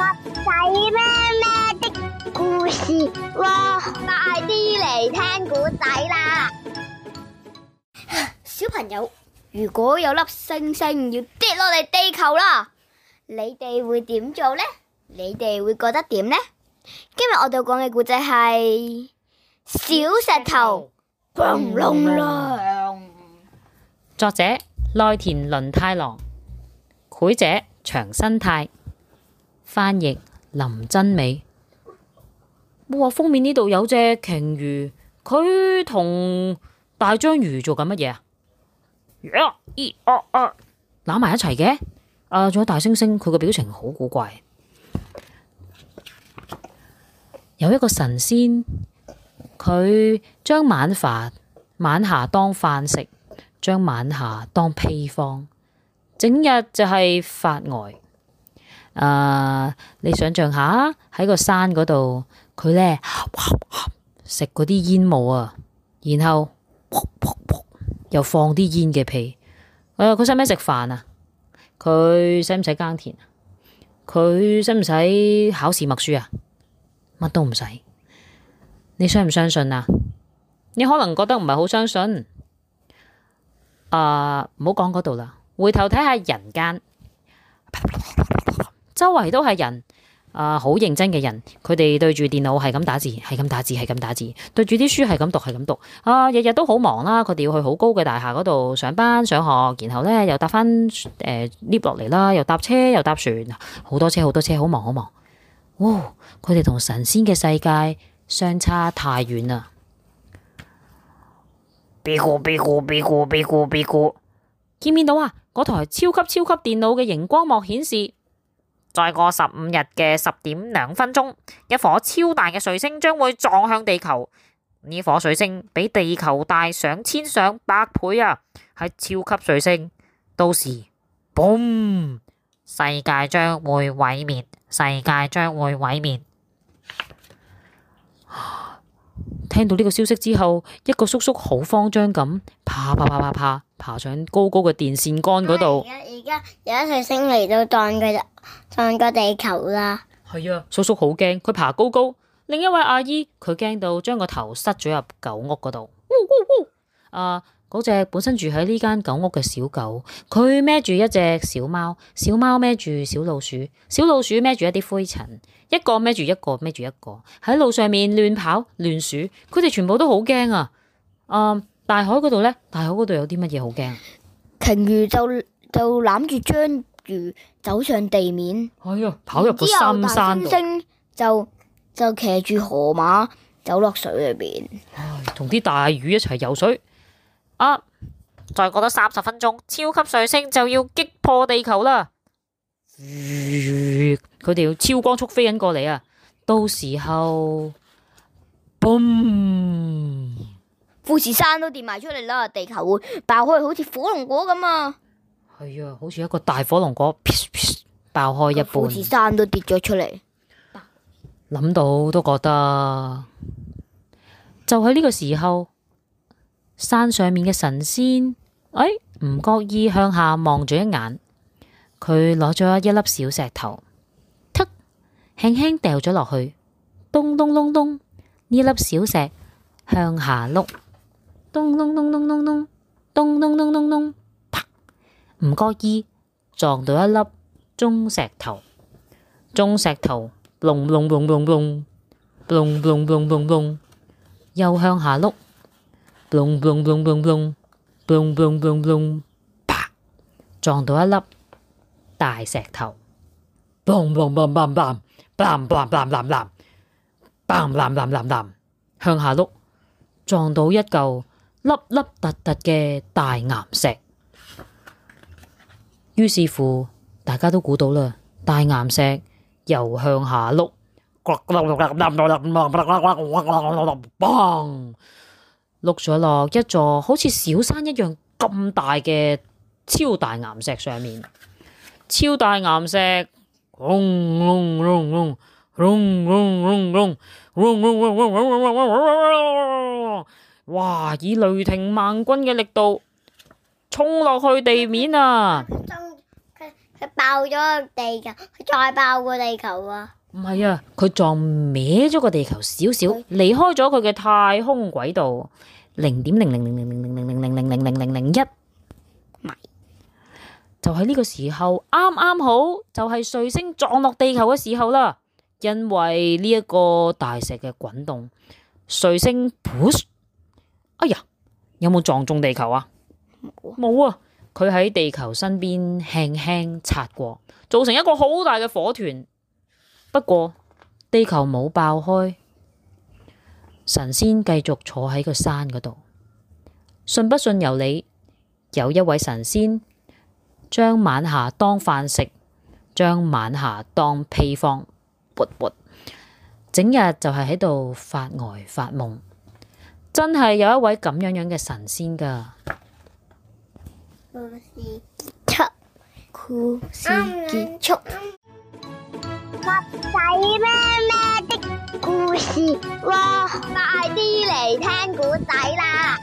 仔咩咩的故事，哇！快啲嚟聽古仔啦，小朋友。如果有粒星星要跌落嚟地球啦，你哋會點做呢？你哋會覺得點呢？今日我哋講嘅故仔係小石頭轟隆隆。作者內田麟太郎，繪者長新太。翻譯林真美，冇話封面呢度有隻鯨魚，佢同大章魚做緊乜嘢啊？攬、啊、埋一齊嘅，啊仲有大猩猩，佢個表情好古怪。有一個神仙，佢將晚飯晚霞當飯食，將晚霞當披風，整日就係發呆。誒，uh, 你想象下喺個山嗰度，佢咧食嗰啲煙霧啊，然後噗噗噗又放啲煙嘅屁。佢使唔使食飯啊？佢使唔使耕田啊？佢使唔使考試默書啊？乜都唔使。你相唔相信啊？你可能覺得唔係好相信。啊，唔好講嗰度啦，回頭睇下人間。周圍都係人，啊，好認真嘅人。佢哋對住電腦係咁打字，係咁打字，係咁打，打字。對住啲書係咁讀，係咁讀。啊，日日都好忙啦。佢哋要去好高嘅大廈嗰度上班上學，然後呢，又搭翻誒 lift 落嚟啦，又搭車，又搭船，好多車，好多車，好忙，好忙。哦，佢哋同神仙嘅世界相差太遠啦！bi gu bi gu bi gu 見到啊，嗰台超級超級，超級電腦嘅熒光幕顯示。再過十五日嘅十點兩分鐘，一顆超大嘅彗星將會撞向地球。呢顆彗星比地球大上千上百倍啊，係超級彗星。到時，嘣！世界將會毀滅，世界將會毀滅。聽到呢個消息之後，一個叔叔好慌張咁，啪啪啪啪啪。爬上高高嘅電線杆嗰度，而家而家有一隊星嚟到撞佢哋，撞個地球啦。係啊，叔叔好驚，佢爬高高。另一位阿姨佢驚到將個頭塞咗入狗屋嗰度。嗚嗚嗚！啊、呃，嗰隻本身住喺呢間狗屋嘅小狗，佢孭住一隻小貓，小貓孭住小老鼠，小老鼠孭住一啲灰塵，一個孭住一,一個，孭住一個喺路上面亂跑亂鼠，佢哋全部都好驚啊！啊、呃！大海嗰度呢？大海嗰度有啲乜嘢好驚？鯨魚就就攬住章魚走上地面。係啊、哎，跑入個深山。大猩猩就就騎住河馬走落水裏邊，同啲大魚一齊游水。啊！再過多三十分鐘，超級水星就要擊破地球啦！佢、呃、哋要超光速飛緊過嚟啊！到時候 boom！富士山都跌埋出嚟啦，地球會爆開，好似火龍果咁啊！係啊，好似一個大火龍果噓噓噓，爆開一半。富士山都跌咗出嚟，諗到都覺得。就喺呢個時候，山上面嘅神仙哎唔覺意向下望咗一眼，佢攞咗一粒小石頭，突輕輕掉咗落去，咚咚咚咚，呢粒小石向下碌。咚咚咚咚咚咚，咚咚咚咚咚，啪！唔覺意撞到一粒中石頭，中石頭，咚咚咚咚咚，咚咚咚咚咚，又向下碌，咚咚咚咚咚，咚咚咚咚咚，啪！撞到一粒大石頭，咚咚咚咚咚，咚咚咚咚咚，向下碌，撞到一嚿。粒粒突突嘅大岩石，於是乎大家都估到啦，大岩石由向下碌，碌碌咗落一座好似小山一樣咁大嘅超大岩石上面。超大岩石。哇！以雷霆萬鈞嘅力度衝落去地面啊！佢佢佢爆咗個地球，佢再爆個地球啊！唔係啊，佢撞歪咗個地球少少，離開咗佢嘅太空軌道零點零零零零零零零零零零零零一米。就喺呢個時候，啱啱好就係彗星撞落地球嘅時候啦。因為呢一個大石嘅滾動，彗星噗。哎呀，有冇撞中地球啊？冇啊！佢喺地球身邊輕輕擦過，造成一個好大嘅火團。不過地球冇爆開，神仙繼續坐喺個山嗰度。信不信由你？有一位神仙將晚霞當飯食，將晚霞當披風，鉢鉢，整日就係喺度發呆發夢。真係有一位咁樣樣嘅神仙噶。故事結束。故事結束。襪仔咩咩的故事？哇！快啲嚟聽古仔啦！